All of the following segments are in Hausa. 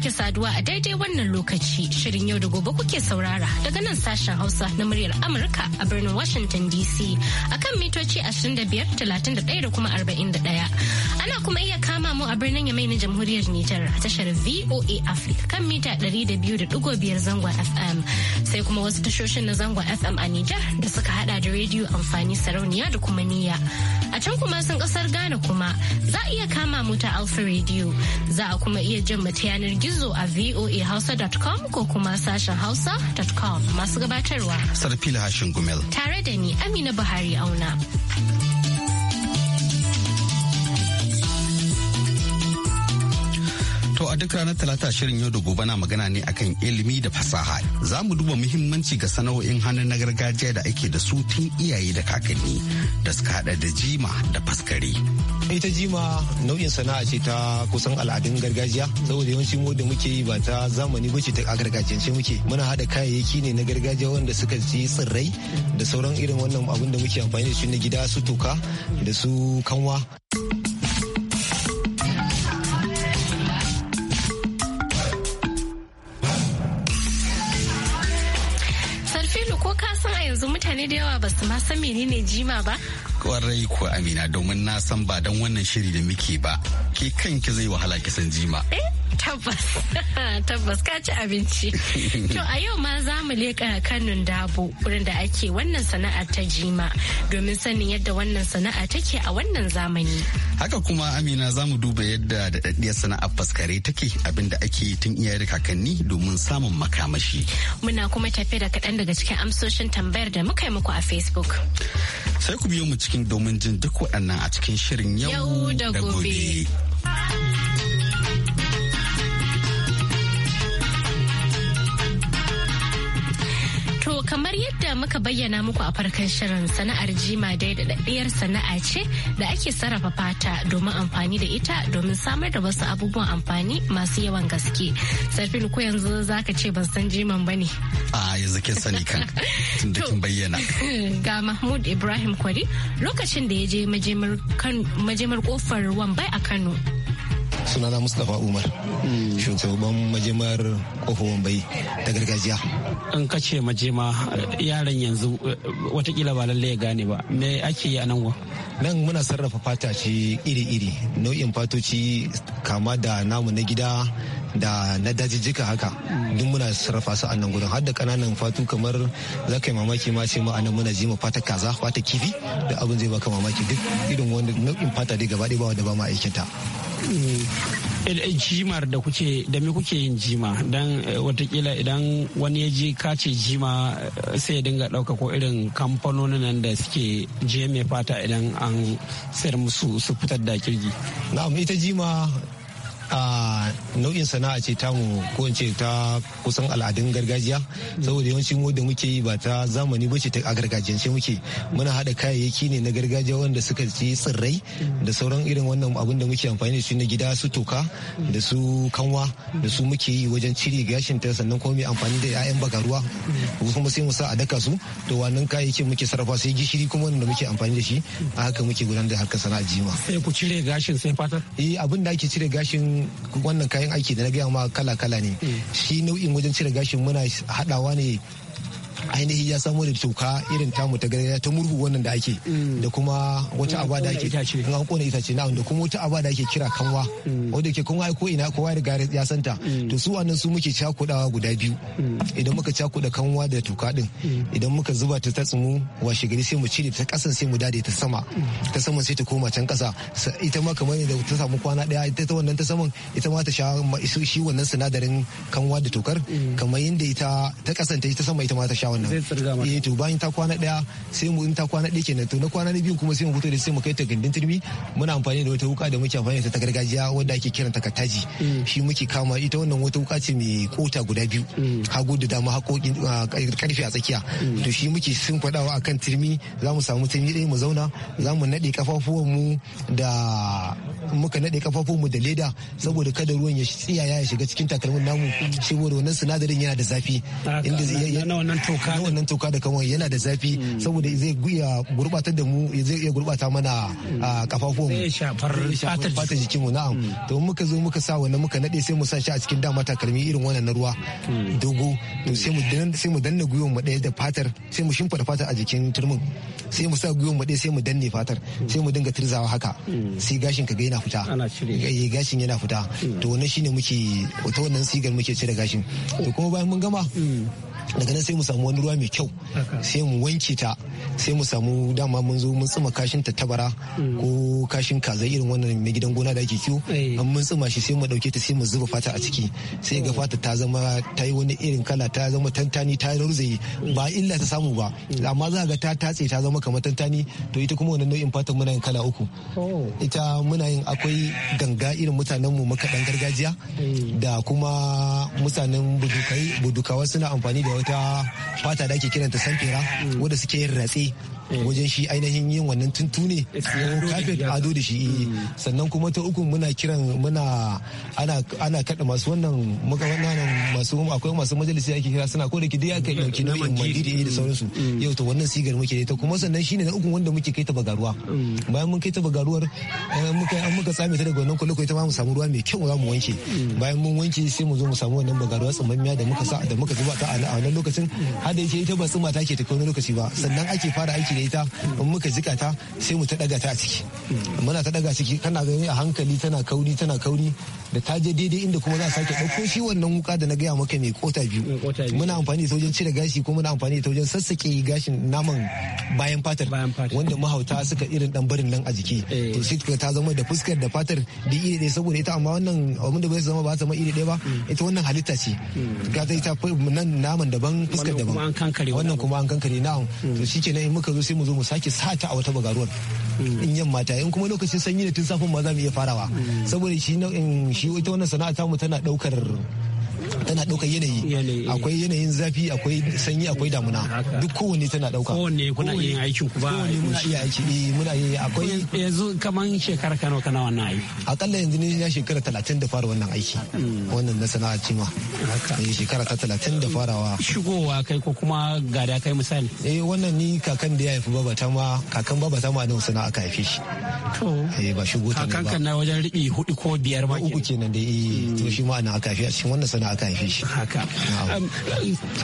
sake saduwa a daidai wannan lokaci shirin yau da gobe kuke saurara daga nan sashen Hausa na muryar Amurka a birnin Washington DC akan mitoci da da kuma 41. Ana kuma iya kama mu a birnin Yamai na Jamhuriyar Nijar a tashar VOA Africa kan mita 200.5 zangon FM sai kuma wasu tashoshin na zangon FM a Nijar da suka hada da rediyo amfani sarauniya da kuma niyya. A can kuma sun kasar Ghana kuma za a iya kama mu ta Alpha Radio. Za a kuma iya jin mu ta yanar gizo a voahausa.com ko kuma sashen hausa.com masu gabatarwa. Sarfila Hashin Gumel. Tare da ni Amina Buhari Auna. a duk ranar talata shirin yau da gobe na magana ne akan ilimi da fasaha. Za mu duba muhimmanci ga sana'o'in hannun na gargajiya da ake da su tun iyaye da kakanni da suka hada da jima da faskari. ita jima nau'in sana'a ce ta kusan al'adun gargajiya saboda yawanci mu da muke yi ba ta zamani ba ce ta a gargajiyance muke muna hada kayayyaki ne na gargajiya wanda suka ci tsirrai da sauran irin wannan abin da muke amfani da shi na gida su toka da su kanwa. yanzu mutane da yawa ba su ma san menene jima ba kwarai ku amina domin na san ba don wannan shiri da muke ba ke kanki zai wahala ki san jima eh tabbas tabbas ka ci abinci to a yau ma za mu leƙa kanun dabo wurin da ake wannan sana'ar ta jima domin sanin yadda wannan sana'a take a wannan zamani haka kuma amina za mu duba yadda daɗaɗɗiyar sana'ar faskare take abinda ake tun iyaye kakanni domin samun makamashi muna kuma tafe da kaɗan daga cikin amsoshin tambayar da muka yi muku a facebook sai ku biyo mu cikin domin jin duk waɗannan a cikin shirin yau da gobe. kamar yadda muka bayyana muku a farkon shirin sana'ar jima dai da daɗaɗɗiyar sana'a ce da ake sarrafa fata domin amfani da ita domin samar da wasu abubuwan amfani masu yawan gaske. Sarfin ko yanzu za ka ce ban san jiman ba ne. A ah, yanzu kin sani kan tun da kin bayyana. Ga Mahmud Ibrahim Kwari lokacin da ya je majimar kofar Wambai a Kano. Sunana Mustapha Umar, hmm. shugaban majimar kofar Wambai ta gargajiya. an kace maje ma yaran yanzu watakila ba lallai ya gane ba me ake yi a nan wa nan muna sarrafa fata ce iri-iri nau'in fatoci kama da namu na gida da na dajijjika haka duk muna sarrafa su a nan gudun har da kananan fatu kamar za ka yi mamaki ma ce ma anan muna jima fata kaza fata kifi da abin zai baka mamaki duk irin wanda nau'in fata dai gaba ɗaya ba wanda ba ma aikinta jimar da kuke da me kuke yin jima dan eh, watakila idan wani ya ji kace jima eh, sai ya dinga dauka ko irin kamfanonin nan da suke je mai fata idan an sayar musu su fitar da kirgi na ita jima nau'in sana'a ce mu ko in ce ta kusan al'adun gargajiya saboda yawanci mu da muke yi ba ta zamani ba ce ta a gargajiyance muke muna haɗa kayayyaki ne na gargajiya wanda suka ci tsirrai da sauran irin wannan abin da muke amfani da shi na gida su toka da su kanwa da su muke yi wajen cire gashin ta sannan kuma mai amfani da 'ya'yan bagaruwa kuma sai mu sa a daka su to wannan kayayyakin muke sarrafa sai gishiri kuma wanda muke amfani da shi a haka muke gudanar da harkar sana'a jima sai ku cire gashin sai fata eh abin da ake cire gashin wannan kayan aiki da na gaya ma kala-kala ne mm. shi nau'in wajen cire gashin muna haɗawa ne ainihi ya samo da toka irin tamu ta gargajiya ta murhu wannan da ake mm. da kuma wata mm. aba da ake in an kona itace na da kuma wata aba da ake kira kanwa mm. wanda ke kanwa ko ina kowa riga ya santa to su wannan su muke cakudawa guda biyu idan muka cakuda kanwa da toka din idan muka zuba ta ta tsumu washe gari sai mu cire ta kasan sai mu dade ta sama ta sama sai ta koma can kasa ita ma kamar da ta samu kwana daya ita ta wannan ta saman ita ma ta sha shi wannan sinadarin kanwa da tokar kamar yadda ita ta kasanta ita sama ita ma ta sha wannan eh to bayan ta kwana daya sai mu in ta kwana daya kenan to na kwana biyu kuma sai mu fito da sai mu kai ta gindin turmi muna amfani da wata wuka da muke amfani da ta gargajiya wanda ake kiran ta kataji mm. shi muke kama ita wannan wata wuka ce mai kota guda biyu mm. hagu da dama hakokin karfe a tsakiya mm. to shi muke sun wa akan turmi za mu samu turmi ɗaya mu zauna za mu naɗe kafafuwan mu da muka naɗe kafafuwan mu da leda saboda kada ruwan ya tsiyaya ya shiga cikin takalmin namu saboda wannan sinadarin yana da zafi inda wannan toka shi wannan toka da kanwa yana da zafi mm. saboda zai iya gurbatar da mu zai iya gurbata mana mm. kafafuwan mu shafar fata jikin mu na'am mm. to muka zo muka sa wannan muka nade sai mu sa shi a cikin dama takalmi irin wannan na ruwa dogo to sai mu sai mu danna guyon mu da fatar sai mu shimfa fatar a jikin turmin sai mu sa guyon mu sai mu danne fatar sai mu dinga turzawa haka sai gashin ka ga yana fita eh, eh, gashin yana fita to wannan shine muke ta wannan sigar muke cire gashin to kuma bayan mun gama daga nan sai mu samu wani ruwa mai kyau sai mu wanke ta sai mu samu dama mun zo mun tsuma kashin ta mm. ko kashin kaza irin wannan mai gidan gona da ake kiwo eh. an mun tsuma shi sai mu dauke ta sai mu zuba fata a ciki sai ga mm. fata ta zama ta yi wani irin kala ta zama tantani ta rurzaye mm. ba illa ta samu ba amma za ga ta tatse ta zama kamar tantani to ita kuma wannan nau'in fatan muna yin kala uku oh. ita muna yin akwai ganga irin mutanen mu makaɗan gargajiya eh. da kuma mutanen budukai budukawa suna amfani da da wata fata da ake kiranta samfera mm. wadda suke yin ratse Eh. wajen shi ainihin yin wannan tuntune kafet ado da shi eh. mm. sannan kuma ta uku muna kiran muna ana kada masu wannan muka wannan masu akwai masu majalisi ake kira suna ko da kidai aka dauki nau'in mandiri da mm. sauransu mm. yau to wannan sigar muke da ita kuma sannan shine na uku wanda muke kai ta bagaruwa bayan mun kai ta bagaruwar eh, muka an muka tsame ta daga wannan ko ta ma mu samu ruwa mai kyau za mu wanke bayan mun wanke sai mu zo mu samu wannan bagaruwa tsamammiya da muka sa da muka zuba ta a wannan lokacin har da yake ita ba tsuma take ta kai wani lokaci ba sannan ake fara aiki ne ita in muka jika ta sai mu ta daga ta a ciki muna ta daga ciki kana gani a hankali tana kauri tana kauri da ta je daidai inda kuma za a sake ɗauko shi wannan wuka da na gaya maka mai kota biyu muna amfani da wajen cire gashi kuma muna amfani da wajen sassake gashin naman bayan fatar wanda mahauta suka irin dan barin nan a jiki eh. to sai ta zama da fuskar da fatar da iri ɗaya saboda ita amma wannan abin da bai zama ba zama iri ɗaya ba hmm. ita wannan halitta ce hmm. ga ta ita nan naman daban fuskar daban wannan kuma an kankare na'am hmm. to shikenan in muka zo sai mu zo mu sake sata a wata bagaruwar in yamma ta in kuma lokacin sanyi ne tun safin ma za mu iya farawa mm. saboda shi ita wannan sana'a tamu tana daukar tana ɗauka yanayi akwai yanayin zafi akwai sanyi akwai damuna duk kowanne tana ɗauka kowanne kuna iya aikin ku ba kowanne muna iya aiki eh muna yi akwai yanzu kaman shekara kano kana wannan aiki akalla yanzu ne na shekara talatin da fara wannan aiki wannan na sana'a cima ma eh, shekara ta talatin da farawa shigowa kai ko kuma gada kai misali eh wannan ni kakan da ya haifi ta ma kakan ta ma nan sana'a ka haife shi to eh ba shigo ta ba kakan na wajen ribi hudu ko biyar ba uku kenan da eh to shi ma ana aka haife a cikin wannan sana'a aka haife shi haka um,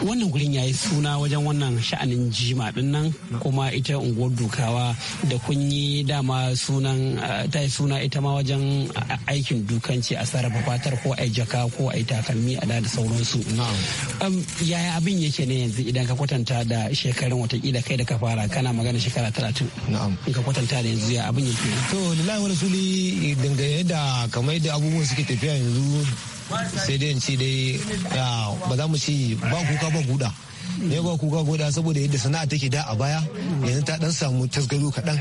wannan gurin yi suna wajen wannan sha'anin jima din nan kuma ita unguwar dukawa da kun yi dama sunan uh, ta yi suna ita ma wajen aikin dukanci a sarrafa fatar ko a jaka ko a takalmi a da sauransu um, yaya abin yake ne yanzu idan ka kwatanta da shekarun watakila kai da ka fara kana magana shekara talatin in ka kwatanta da yanzu ya abin yake to lillahi wa rasuli dangane da kamar da abubuwan suke tafiya yanzu sai dai in dai ba za mu ci ba kuka ba guda ne ba kuka guda saboda yadda sana'a take da a baya yanzu ta dan samu tasgaro kaɗan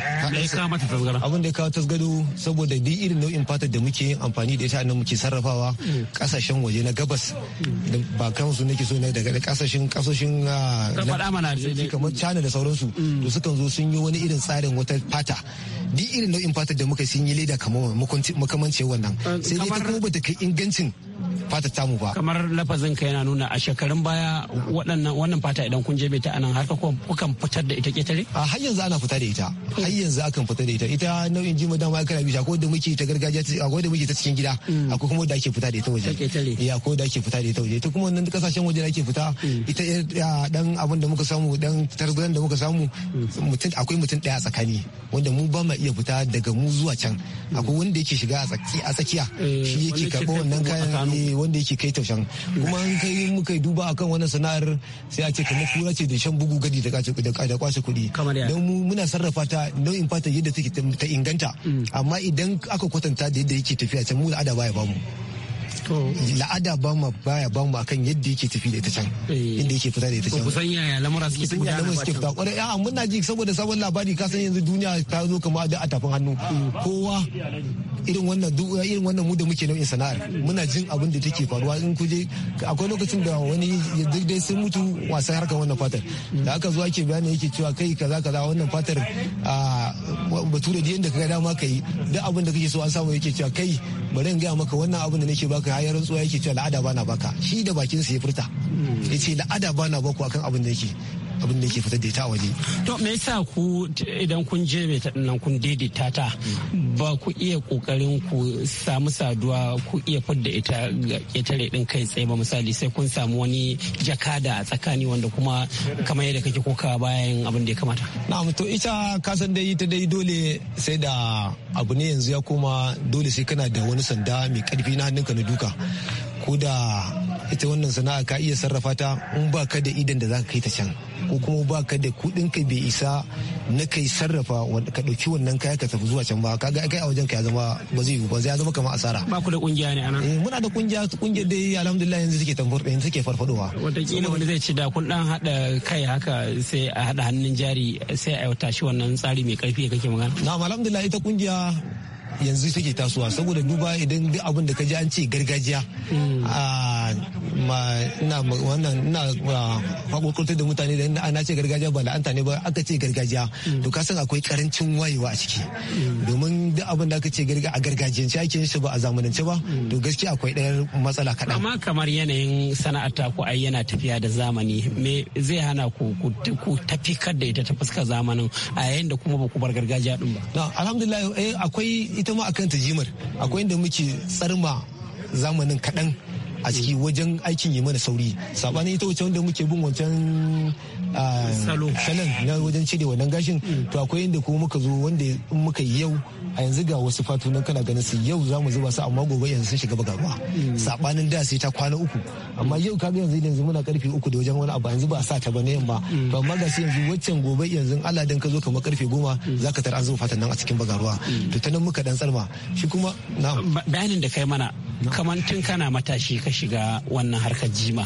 abin da ya kawo tasgaro saboda duk irin nau'in fatar da muke yin amfani da ita nan muke sarrafawa kasashen waje na gabas ba kansu nake so ne daga kasashen kasashen ah, kamar china da sauransu mm. to sukan zo sun yi wani irin tsarin wata fata duk irin nau'in fatar da muka sun yi leda kamar makamanci wannan eh, sai dai ta kuma bata kai ingancin fata ta mu ba kamar lafazin ka yana nuna a shekarun baya waɗannan wannan fata idan kun je ta anan har kukan fitar da ita ketare a har yanzu ana fita da ita har yanzu akan fita da ita ita nau'in jima dama kana bisa ko da muke ta gargajiya ko da muke ta cikin gida mm. akwai kuma da ake fita da ita waje ya ko da ake fita da ita waje ita kuma nan kasashen waje da ake fita mm. ita dan abin da muka samu dan tarzan da muka samu mm. mutum akwai mutum daya tsakani wanda mu ba ma iya fita daga mu zuwa can akwai wanda yake shiga a tsakiya eh, shi yake karɓo wannan kayan Eh, wanda yake kai ta kuma an kai muka duba akan wani sana'ar sai a ce kamar kura ce da shan bugu gadi da kwashe kuɗi don mu muna sarrafa ta nau'in fata yadda take ta inganta mm. amma idan aka kwatanta da yadda yake tafiya can mu la'ada baya bamu la'ada ba baya ba mu akan yadda yake tafi da ita can inda eh. yake fita da ita can kusan yaya lamura suke fita lamura suke fita kwarai a muna ji saboda sabon labari ka san yanzu duniya ta zo kamar da a tafin hannu mm. kowa irin wannan duk irin wannan mu da muke nau'in sana'ar muna jin abin da take faruwa in kuje akwai lokacin da wani duk dai sun mutu wasan harkar wannan fatar da aka zo ake bayani yake cewa kai kaza kaza wannan fatar bature da yanda kaga dama kai duk abin da kake so an samu yake cewa kai bari in gaya maka wannan abin da nake baka hayar rantsuwa yake cewa la'ada bana baka shi da bakin sa ya furta yace la'ada bana baku akan abin da yake abin da yake fita da ta waje to me yasa ku idan kun je mai ta dinnan kun daidaita ta ba ku iya kokarin ku samu saduwa ku iya fadda ita ga ketare din kai tsaye ba misali sai kun samu wani jakada a tsakani wanda kuma kamar yadda kake koka bayan abin da ya kamata na'am to ita kasan dai ita dai dole sai da abu ne yanzu ya koma dole sai kana da wani sanda mai karfi na hannunka na duka ko da ita wannan sana'a ka iya sarrafa ta in ba ka da idan da za ka kai ta can ko kuma ba ka da kudin ka bai isa na kai sarrafa ka ɗauki wannan kaya ka tafi zuwa can ba kaga kai a wajen ka ya zama ba zai yiwu ba zai zama kamar asara ba ku da kungiya ne ana eh muna da kungiya kungiyar dai alhamdulillah yanzu suke tambur din suke farfadowa wataƙila wani zai ci da kun dan hada kai haka sai a hada hannun jari sai a yauta shi wannan tsari mai karfi kake magana na alhamdulillah ita kungiya yanzu take tasowa saboda duba idan duk abin da ka ji an ce gargajiya hmm. ina wannan ina da mutane da ana ce gargajiya ba la'anta ne ba aka ce gargajiya hmm. to ka san akwai karancin wayewa a ciki hmm. domin duk abin da aka ce a gargajiyance ake yin shi ba a zamanance ba to gaskiya akwai ɗaya matsala kaɗan. amma kamar yanayin sana'ar ta ku ai yana tafiya da zamani me zai hana ku ku tafi da ita ta fuskar zamanin a yayin da kuma ba ku bar gargajiya din ba. alhamdulillah eh, akwai ita ma akan ta jimar akwai inda muke tsarma zamanin kaɗan a ciki wajen aikin yi mana sauri sabanin ita wacce wanda muke bin wancan ah, salon na wajen cire wannan gashin to akwai inda kuma muka zo wanda in muka yi yau a yanzu ga wasu fatu nan kana ganin su yau za mu zuba su amma gobe yanzu sun shiga bagawa hmm. sabanin da sai ta kwana uku amma yau kaga yanzu yanzu muna karfe uku da wajen wani abu yanzu ba a sa ta ba na yamma hmm. to amma ga yanzu waccan gobe yanzu Allah dan ka zo kamar karfe goma hmm. Za ka tara an zuba fatan nan a cikin bagaruwa to ta nan muka dan tsarma shi kuma bayanin da kai mana kamar tun kana matashi ka shiga wannan harkar jima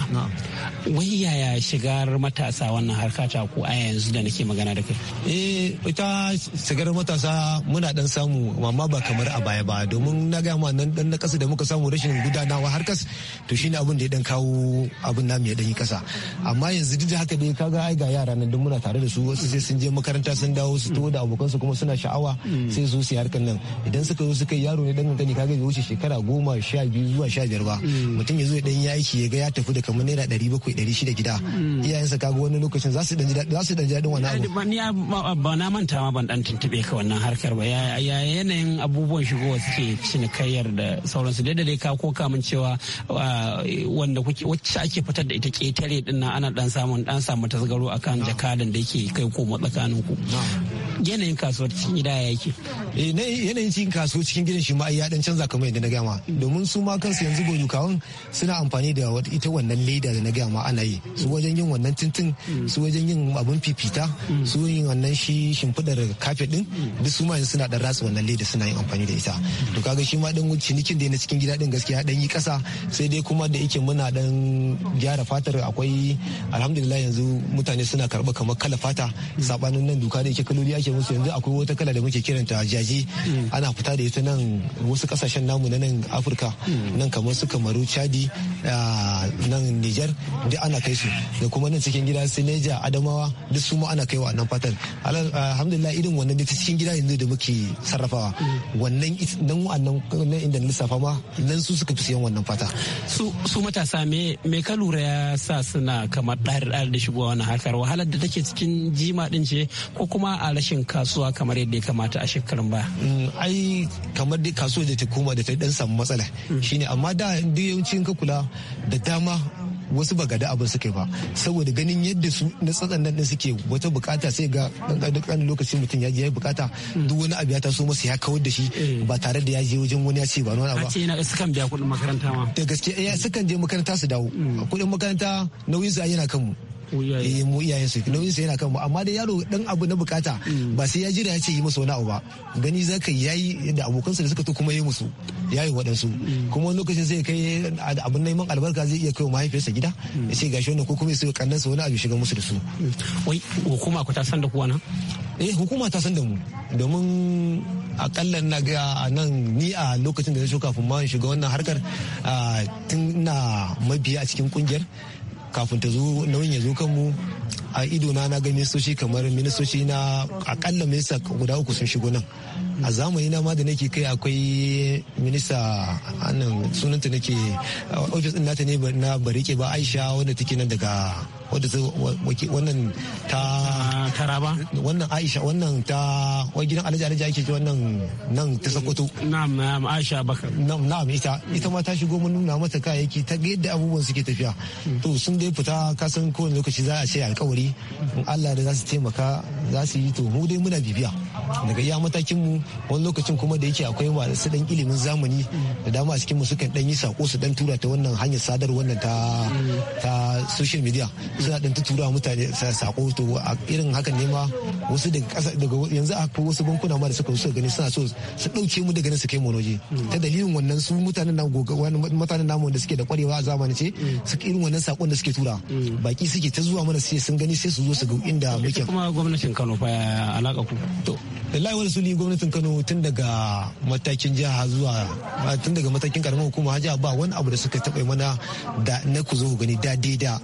wai yaya shigar matasa wannan harka ta ku a yanzu da nake magana da kai eh ita shigar matasa muna dan samu amma ba kamar a baya ba domin na ga ma nan dan na kasa da muka samu rashin gudanawa harkas to shine abin da ya dan kawo abin namu ya dan yi kasa amma yanzu duk da haka dai kaga ai ga yara nan duk muna tare da su wasu sai sun je makaranta sun dawo su to da abokansu kuma suna sha'awa sai su su harkan nan idan suka zo suka yaro ne dan kankani kaga ya wuce shekara goma sha biyu zuwa sha biyar ba mm. mutum ya zo ya dan yi aiki ya ga ya tafi da kamar naira ɗari bakwai bakwai ɗari shida gida iyayensa kaga wani lokacin za su dan za su dan ji daɗin wannan abu. ni ba na manta ma ban dan tuntuɓe ka wannan harkar ba ya yanayin abubuwan shigowa suke cinikayyar da sauransu da dare ka koka min cewa ah, wanda kuke wacce ake fitar da ita ƙetare din nan ana dan samun dan samu tasgaro akan jakadan da yake kai koma tsakanin ku. yanayin kasuwa cikin gida ya yake. Eh, yanayin cikin kasuwa cikin gidan shi ma ya dan canza kamar yadda na gama domin su ma kansu yanzu kawun suna amfani da ita wannan leda da na gama jama'a ana yi su wajen yin wannan tintin su wajen yin abin fifita su yin wannan shi shimfidar kafet din duk su ma suna dan ratsa wannan leda suna yin amfani da ita to kaga shi ma dan cinikin da na cikin gida din gaskiya dan yi kasa sai dai kuma da yake muna dan gyara fatar akwai alhamdulillah yanzu mutane suna karba kamar kala fata sabanin nan duka da yake kaloli ake musu yanzu akwai wata kala da muke kiranta jaji ana fita da ita nan wasu kasashen namu na nan afirka nan kamar su kamaru chadi ah, nan niger duk ana kai su da kuma nan cikin gida su neja adamawa duk su ma ana kai wa nan fatan alhamdulillah irin wannan da cikin gida yanzu da muke sarrafawa wannan nan wannan nan inda lissafa ma nan su suka fi siyan wannan fata su su matasa me me ka lura ya sa suna kamar ɗari ɗari da shigowa wannan harkar wahalar da take cikin jima din ce ko kuma a rashin kasuwa kamar yadda ya kamata a shekarun ba mm, ai kamar dai kasuwa da ta koma da ta dan samu matsala mm. shine amma da duk yawancin ka kula da dama wasu ba gada abin suke ba saboda ganin yadda su na tsatsan nan suke wata bukata sai ga dan lokaci mutum ya je ya bukata duk wani abu ya taso masa ya kawar da shi eh. ba tare da ya je wajen wani ya ce ba wani abu ba. yana sukan biya kuɗin makaranta ma. da gaske eh, sukan je makaranta su dawo mm. kuɗin makaranta nauyin su yana kanmu. eh mu iyaye su nauyin sa yana kan mu amma dai yaro dan abu na bukata mm. ba sai ya jira ya ce yi musu wani abu ba gani zaka yayi da abokansa da suka to kuma yi musu yayi waɗansu mm. kuma wani lokacin sai kai abun neman albarka zai iya kai wa mahaifiyarsa gida mm. ya ce gashi wannan ko kuma sai kannan su wani abu shiga musu da su wai hukuma ku ta san da kuwa na eh hukuma ta san da mu domin akalla na ga nan ni a lokacin da na shuka kafin ma shiga wannan harkar tun na mabiya a cikin kungiyar kafin ta zo nauyin ya zo kanmu a idona na ga ministoci kamar ministoci na akalla minista guda uku sun shigo nan a zamani na ma da nake kai akwai minista annan sunanta nake ofis din nata ne na barike ba aisha wanda take nan daga wadda wannan ta kara ba wannan aisha wannan ta wai gidan alhaji alhaji ake ce wannan nan ta sokoto na'am na'am aisha bakar na'am na'am ita ita ma ta shigo mun nuna mata kayayyaki ta ga yadda abubuwan suke tafiya hmm. to sun dai fita ka san kowane lokaci za a ce alƙawari. in Allah da za su taimaka za su yi to mu dai muna bibiya daga iya matakin mu wani lokacin kuma da yake akwai masu dan ilimin zamani da dama a cikin mu sukan dan yi sako su dan tura ta wannan hanyar sadar wannan ta ta social media suna dan tura mutane sako to irin hakan ne ma wasu daga ƙasa daga yanzu akwai wasu bankuna ma da suka so gani suna so su ɗauke mu daga nan su kai mu waje ta dalilin wannan su mutanen nan mutanen namu wanda suke da kwarewa a zamani ce su irin wannan sakon da suke tura baki suke ta zuwa mana sai sun gani sai su zo su ga inda muke kuma gwamnatin Kano fa alaka ku to wallahi wani suli gwamnatin Kano tun daga matakin jiha zuwa tun daga matakin karamar hukuma har ba wani abu da suka taɓa mana da na ku zo gani da daida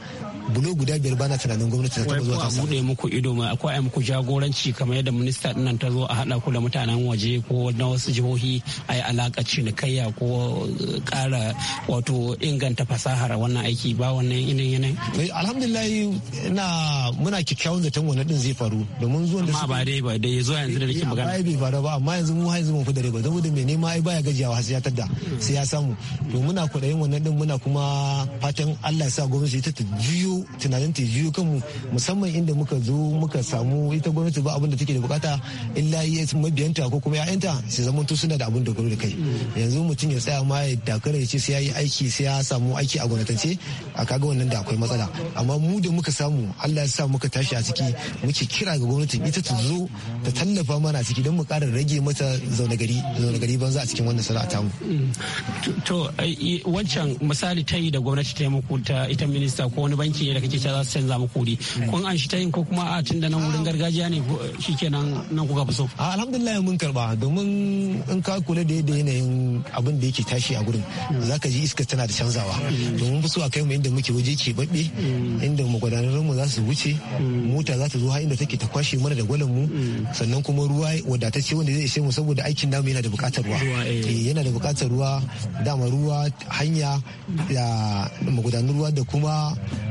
bulo guda biyar bana tunanin gwamnati ta zo ta bude muku ido ma akwai a muku jagoranci kamar yadda minista nan ta zo a haɗa ku da mutanen waje ko na wasu jihohi a yi alaƙa cinikayya ko eh, ƙara wato inganta fasahar wannan aiki ba wannan irin yanayin. Eh, alhamdulillah ina muna kyakkyawan zaton wannan din zai faru domin zuwan da su ba dai ba dai zuwa yanzu da nake eh, magana ba ba ba amma yanzu mu yanzu mun dare ba saboda me nema ai baya gajiyawa sai ya tadda sai ya samu to muna kudayin wannan din muna kuma fatan Allah ya sa gwamnati ta juyo tunanin ta juyo kanmu musamman inda muka zo muka samu ita gwamnati ba abin da take da bukata illa iya mabiyanta ko kuma ya'yanta su zama tun suna da abin da da kai yanzu mutum ya tsaya ma ya dakara ya ce sai ya yi aiki sai ya samu aiki a gwamnatance a kaga wannan da akwai matsala amma mu da muka samu Allah ya sa muka tashi a ciki muke kira ga gwamnati ita ta zo ta tallafa mana a ciki don mu kara rage mata zaune gari zaune gari banza a cikin wannan sana'a tamu. To wancan misali ta yi da gwamnati ta yi muku ta ita minista ko wani banki ya da kake cewa za su canza muku hmm. kun an shi ta yin ko kuma a tun da nan wurin gargajiya ne shikenan nan kuka fi so alhamdulillah mun karba domin in ka kula da yadda yanayin abin da yake tashi a gurin hmm. zaka ji iska tana da canzawa hmm. domin fuso a kai mu inda muke waje ke babbe inda magudanar mu za su wuce mota za ta zo har inda take ta kwashe mana da gwalan mu sannan kuma ruwa wadatacce wanda zai ishe mu saboda aikin namu yana da bukatar ruwa eh. Eh, yana da bukatar ruwa dama ruwa hanya da magudanar ruwa da kuma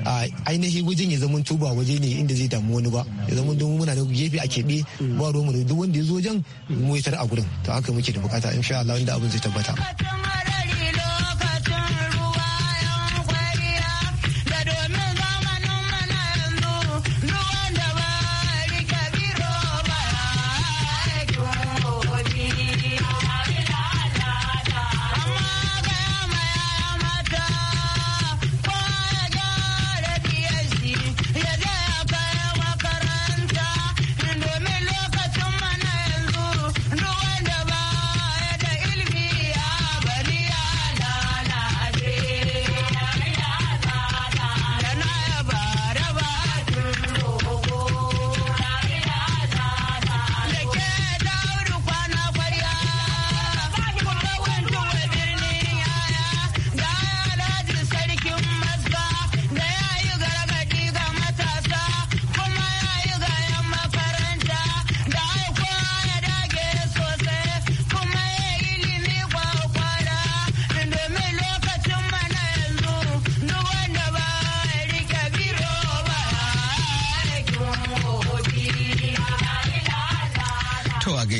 ah, ainihi wajen ya zama tuba waje ne inda zai damu wani ba ya zama don muna da gefe a keɓe ba ruwan mu duk wanda ya zo wajen mu ya tar a gurin to haka muke da bukata insha Allah inda abin zai tabbata.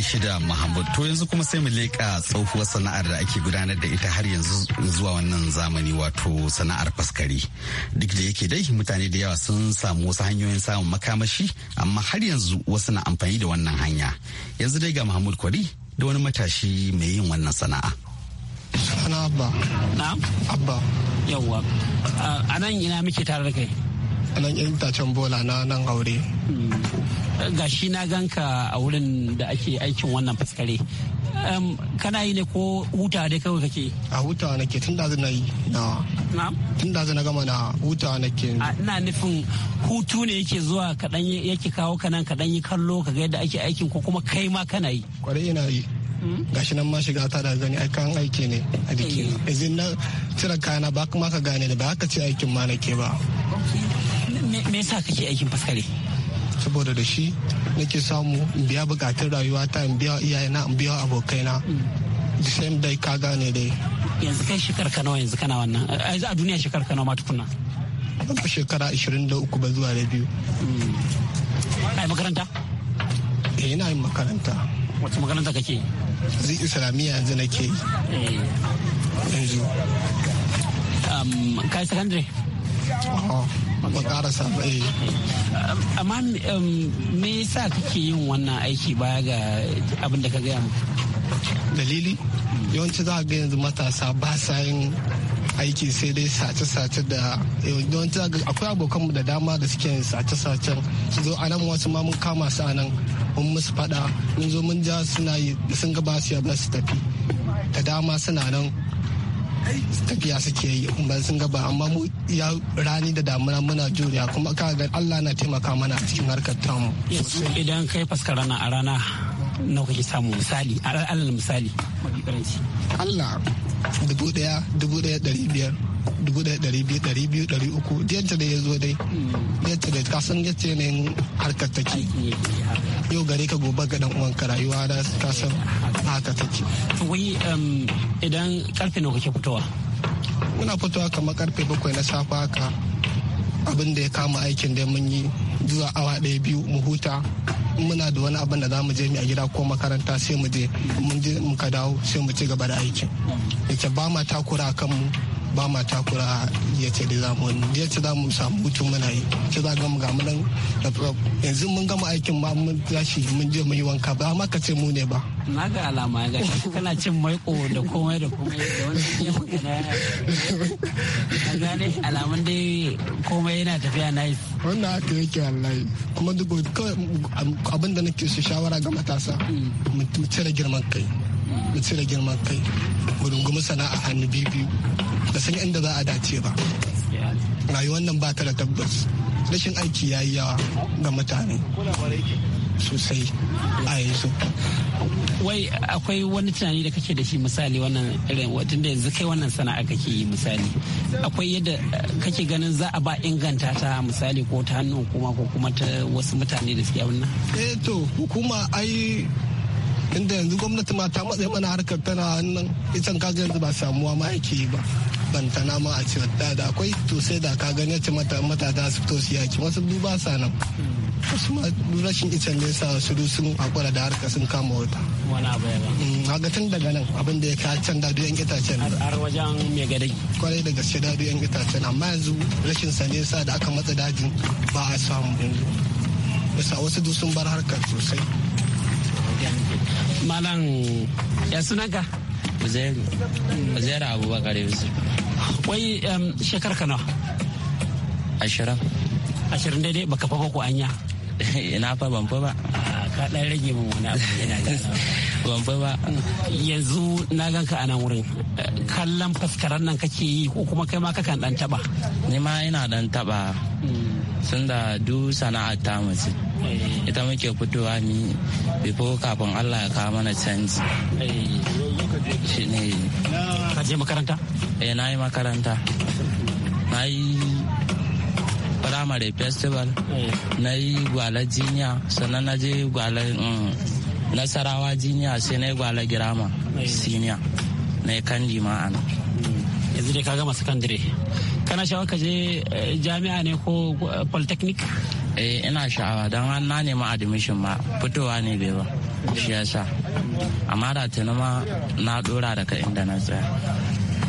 Shida Mahmud to yanzu kuma sai mu leƙa tsohuwar sana'ar da ake gudanar da ita har yanzu zuwa wannan zamani wato sana'ar faskari. Duk da yake dai mutane da yawa sun samu wasu hanyoyin samun makamashi amma har yanzu wasu na amfani da wannan hanya. Yanzu dai ga Mahmud Kwari da wani matashi mai yin wannan sana'a. Abba. Na? Abba. Yawwa. A nan ina muke tare da kai. nan yan tacen bola na nan aure hmm. ga shi na ganka a wurin da ake aikin wannan faskare kana yi ne ko huta dai kawai kake a huta nake tun da zina yi na tun da zina gama na huta nake ina nufin hutu ne yake zuwa kadan yake kawo kanan kadan yi kallo ka ga yadda ake aikin ko kuma kai ma kana yi kwarai ina yi hmm? gashi nan ma shiga ta da gani ai kan aiki ne a jiki na izin eh. na cire kayana ba kuma ka gane da ba haka ce aikin ma nake ba me yasa kake aikin faskare saboda da shi nake samu in biya bukatun rayuwa ta in biya iyayena in biya abokaina the same day ka gane dai yanzu kai shekar ka nawa yanzu kana wannan ai za a duniya shekar ka nawa ma tukunna shekara 23 ba zuwa da biyu ai makaranta eh ina yin makaranta wata makaranta kake zai islamiyya yanzu nake eh. yanzu um, ka kai secondary mu karasa eh. amma me yasa kake yin wannan aiki baya ga abin da ka gaya mu dalili yawanci za ga yanzu matasa ba sa yin aiki sai dai sace-sace da yawanci akwai abokanmu da dama da suke yin sace sace su zo a nan wasu ma mun kama su a nan mun musu fada mun zo mun ja suna yi sun ga ba su yabla su tafi da dama suna nan tafiya suke yi ba sun gaba amma mu ya rani da damuna muna juriya kuma ka ga Allah na taimaka mana a cikin harkar mu Idan kai faska rana a rana na kuke samu misali alal misali. Allah dubu daya dubu daya dari biyar dubu ɗaya ɗari biyu ɗari biyu ɗari uku yadda da ya zo dai yadda da ka san yadda ne harkar take yau gare ka gobe ga dan uwanka rayuwa da ka san haka take. wai um, idan karfe nawa kake fitowa. muna fitowa kamar karfe bakwai na safa haka abin da ya kama aikin da mun yi zuwa awa daya biyu mu huta muna da wani abin da za mu je mu a gida ko makaranta sai mu je mun je muka dawo sai mu ci gaba da aikin da ke ba ma takura kan mu ba ma takura ce da zamu yace za mu samu hutun muna yi ce za ga mu ga nan da prof yanzu mun gama aikin ma mun tashi mun je mu yi wanka ba ma ka ce mu ne ba na ga alama ga kana cin maiko da komai da komai da wani ya gane alamun dai komai yana tafiya nice wannan haka yake wallahi kuma duk abin da nake so shawara ga matasa hmm. mu cire girman kai da cire girman kai mu rungumi sana'a hannu biyu da san inda za a dace ba rayuwar nan ba ta da tabbas rashin aiki ya yi yawa ga mutane sosai a yanzu wai akwai wani tunani da kake da shi misali wannan irin wajen da yanzu kai wannan sana'a kake yi misali akwai yadda eh, kake ganin za a ba inganta ta misali ko ta hannun hukuma ko kuma ta wasu mutane da suke wannan. eh to hukuma ai inda yanzu gwamnati ma ta matsayi mana harkar tana hannun isan kaga yanzu ba samuwa ma yake yi ba ta ma a ce da akwai to sai da ka gani ce da su to su yaki wasu duba sa nan wasu ma rashin itan da sa su du sun akwara da harka sun kama wata wani abu ya ba mm, tun daga nan abin da ya ka can da duyan itacen har wajen mai gadai kwarai da gaske da duyan itacen amma yanzu rashin sa ne sa da aka matsa dajin ba a samu yanzu wasu du sun bar harkar sosai malam ya sunanka uzairu uzairu abubakar yusuf wai shekar ka nawa ashirin ashirin daidai baka fa ko anya ina fa ban fa ba ah, ka dan rage min wani abu ina ban fa ba yanzu na gan ka a nan wurin kallon faskaran nan kake yi ko kuma kai ma kakan dan taba ni ma ina dan taba hmm. sun da du sana'ar ta mace eh. ita muke fitowa ni bifo kafin allah ya kawo mana canji eh. shi ne ka je makaranta? eh na yi makaranta na yi primary festival eh. na yi gwala jinya sannan na je gwala mm, nasarawa jinya sai na yi gwala girama senior na yi kandi ma'ana hmm. yanzu dai ka gama sakandare kana sha'awar ka je eh, jami'a ne ko eh, polytechnic eh ina sha'awa don an na nema admission ma fitowa ne bai ba shi yasa amma da tuni ma na dora daga inda na tsaya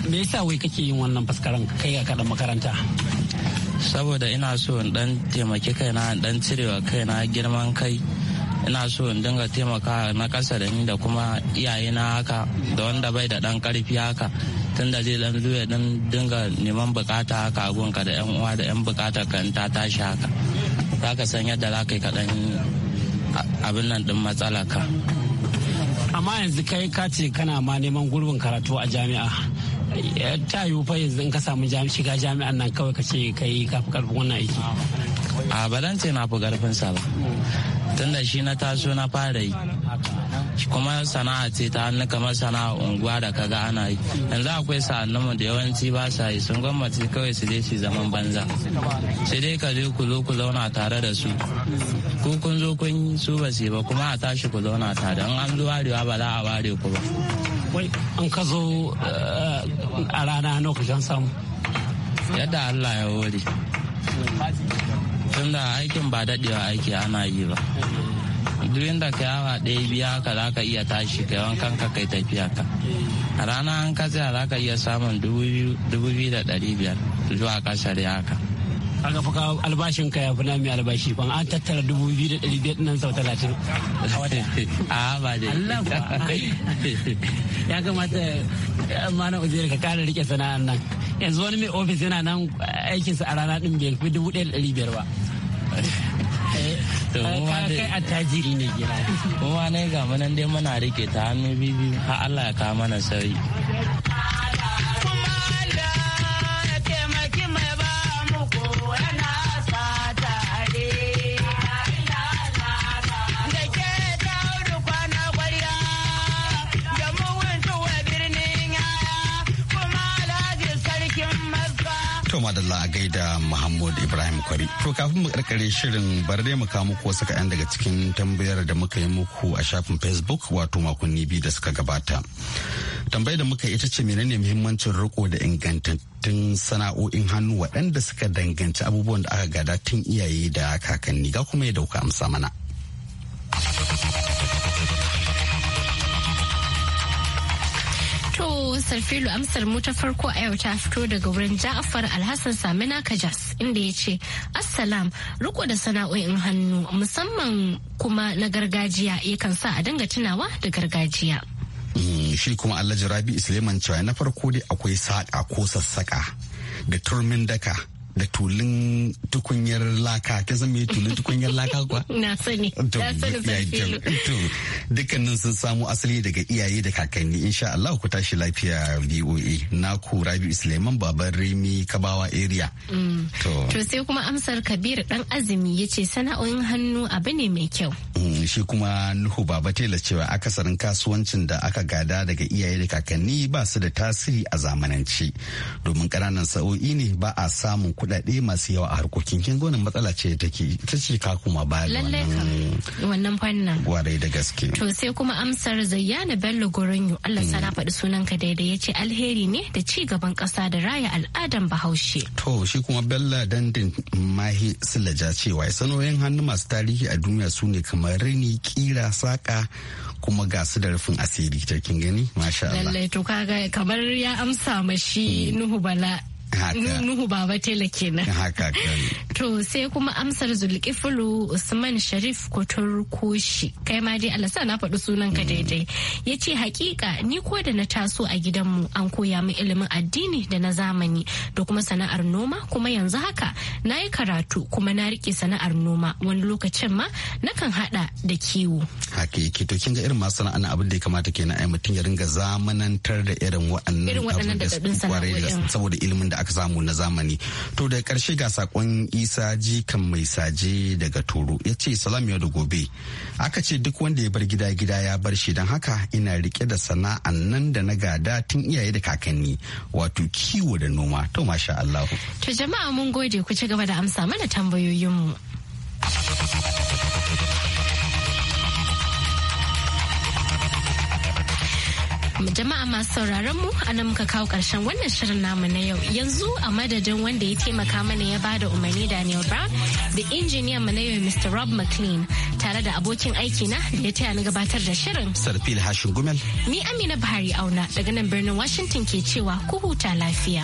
me yasa wai kake yin wannan faskaran kai ga kaɗan makaranta saboda ina so in dan taimaki kaina dan cirewa kaina girman kai ina so in dinga taimaka na kasa da ni da kuma iyaye na haka da wanda bai da dan karfi haka tun da zai dan zuwa dan dinga neman bukata haka a gunka da yan uwa da yan bukata kan ta tashi haka za ka san yadda za ka yi kaɗan abin nan din matsala ka amma yanzu kai ka ce kana ma neman gurbin karatu a jami'a ta yiwu fa yanzu in ka samu shiga jami'an nan kawai ka ce kai ka fi karfin wannan aiki a balance ce na fi karfin sa ba tun da shi na taso na fara yi kuma sana'a ce ta hannu kamar sana'a unguwa da kaga ana yi yanzu akwai sa'annunmu da yawanci ba sa yi sun gwamnati kawai su je su zaman banza sai dai ka je ku zo ku zauna tare da su ku kun zo kun su ba su ba kuma a tashi ku zauna tare in an zo warewa ba za a ware ku ba wai an ka zo eh, a rana nawa samu yadda Allah ya wuri. da aikin ba daɗewa aiki ana yi ba duk inda ka yawa ɗaya biya ka za ka iya tashi ka yawan kanka kai tafiya ka a rana an kasa za ka iya samun dubu biyu da ɗari biyar zuwa ƙasar haka aka fuka albashin ka ya fi nami albashi ban an tattara dubu biyu da ɗari biyar nan sau talatin a ba dai ya kamata eh, mana uzair ka kara rike sana'an nan yanzu wani mai ofis yana nan eh, aikinsa a rana ɗin bai fi dubu ɗaya da ɗari biyar ba ne ga manan dai muna rike ta hannu bibi har Allah ya kawo mana sauyi. Muhammad Ibrahim Kwari. To kafin mu karkare shirin bar dai mu kawo muku wasu kaɗan daga cikin tambayar da muka yi muku a shafin Facebook wato makonni biyu da suka gabata. Tambayar da muka ita ce menene muhimmancin riko da ingantattun sana'o'in hannu waɗanda suka danganci abubuwan da aka gada tun iyaye da kakanni ga kuma ya dauka amsa mana. ku filu amsar mu ta farko a yau ta fito daga wurin ja'afar alhassan samina kajas inda ya ce assalam riko da sana'o'in hannu musamman kuma na gargajiya yakan sa a dinga tunawa da gargajiya mm, shi kuma alhaji rabi isleman cewa na farko dai akwai saƙa ko sassaƙa da turmin daka da tulin tukunyar laka ta zama ya tulin tukunyar laka kuwa na sani na sani to dukkanin sun samu asali daga iyaye da kakanni insha Allah ku tashi lafiya BOA na ku Rabi Suleiman baban Rimi Kabawa area mm. to to sai kuma amsar Kabir dan Azumi yace sana'o'in hannu abu ne mai kyau mm, shi kuma Nuhu Baba Tela cewa akasarin kasuwancin da aka gada daga iyaye da kakanni ba su da tasiri a zamanance domin ƙananan sa'o'i ne ba a samun kuɗaɗe masu yawa a harkokin kin gonan matsala ce take ta ce ka kuma ba wannan fannin gwarai da gaske to sai kuma amsar zayyana bello goronyo Allah mm. sana faɗi sunan ka daidai ce alheri ne da ci gaban ƙasa da raya al'adan bahaushe to shi kuma bella dandin mahi silaja cewa sanoyin hannu masu tarihi a duniya su ne kamar rini kira saka kuma ga su da rufin asiri ta kin gani masha Allah lalle to kaga kamar ya amsa mashi mm. Nuhu Bala Nuhu Baba Tela kenan. Haka To sai kuma amsar Zulkifulu Usman Sharif Kotor Kai ma dai Alasa na faɗi sunan ka mm. daidai. Ya ce hakika ni ko da na taso a gidanmu an koya min ilimin addini da na zamani da kuma sana'ar noma kuma yanzu haka na yi karatu kuma na rike sana'ar noma wani lokacin ma na kan hada da kiwo. Haka to kin ga irin masu na abin da ya kamata kenan ai mutum ya ringa zamanantar da irin waɗannan abubuwan da saboda ilimin da da aka samu na zamani to da karshe ga sakon isa jikan mai saje daga toro ya ce salam yau da gobe aka ce duk wanda ya bar gida gida ya bar shi don haka ina rike da sana'a nan da na gada tun iyaye da kakanni wato kiwo da noma to masha Allah to jama'a mun gode ku ci gaba da amsa mana mu. jama'a masu sauraron mu a nan muka kawo ƙarshen wannan shirin namu na yau yanzu a madadin wanda ya taimaka mana ya bada umarni daniel brown da injiniyan mu na yau mr rob mclean tare da abokin aiki na da ya taya ni gabatar da shirin sarfil hashin gumel ni amina buhari auna daga nan birnin washington ke cewa ku huta lafiya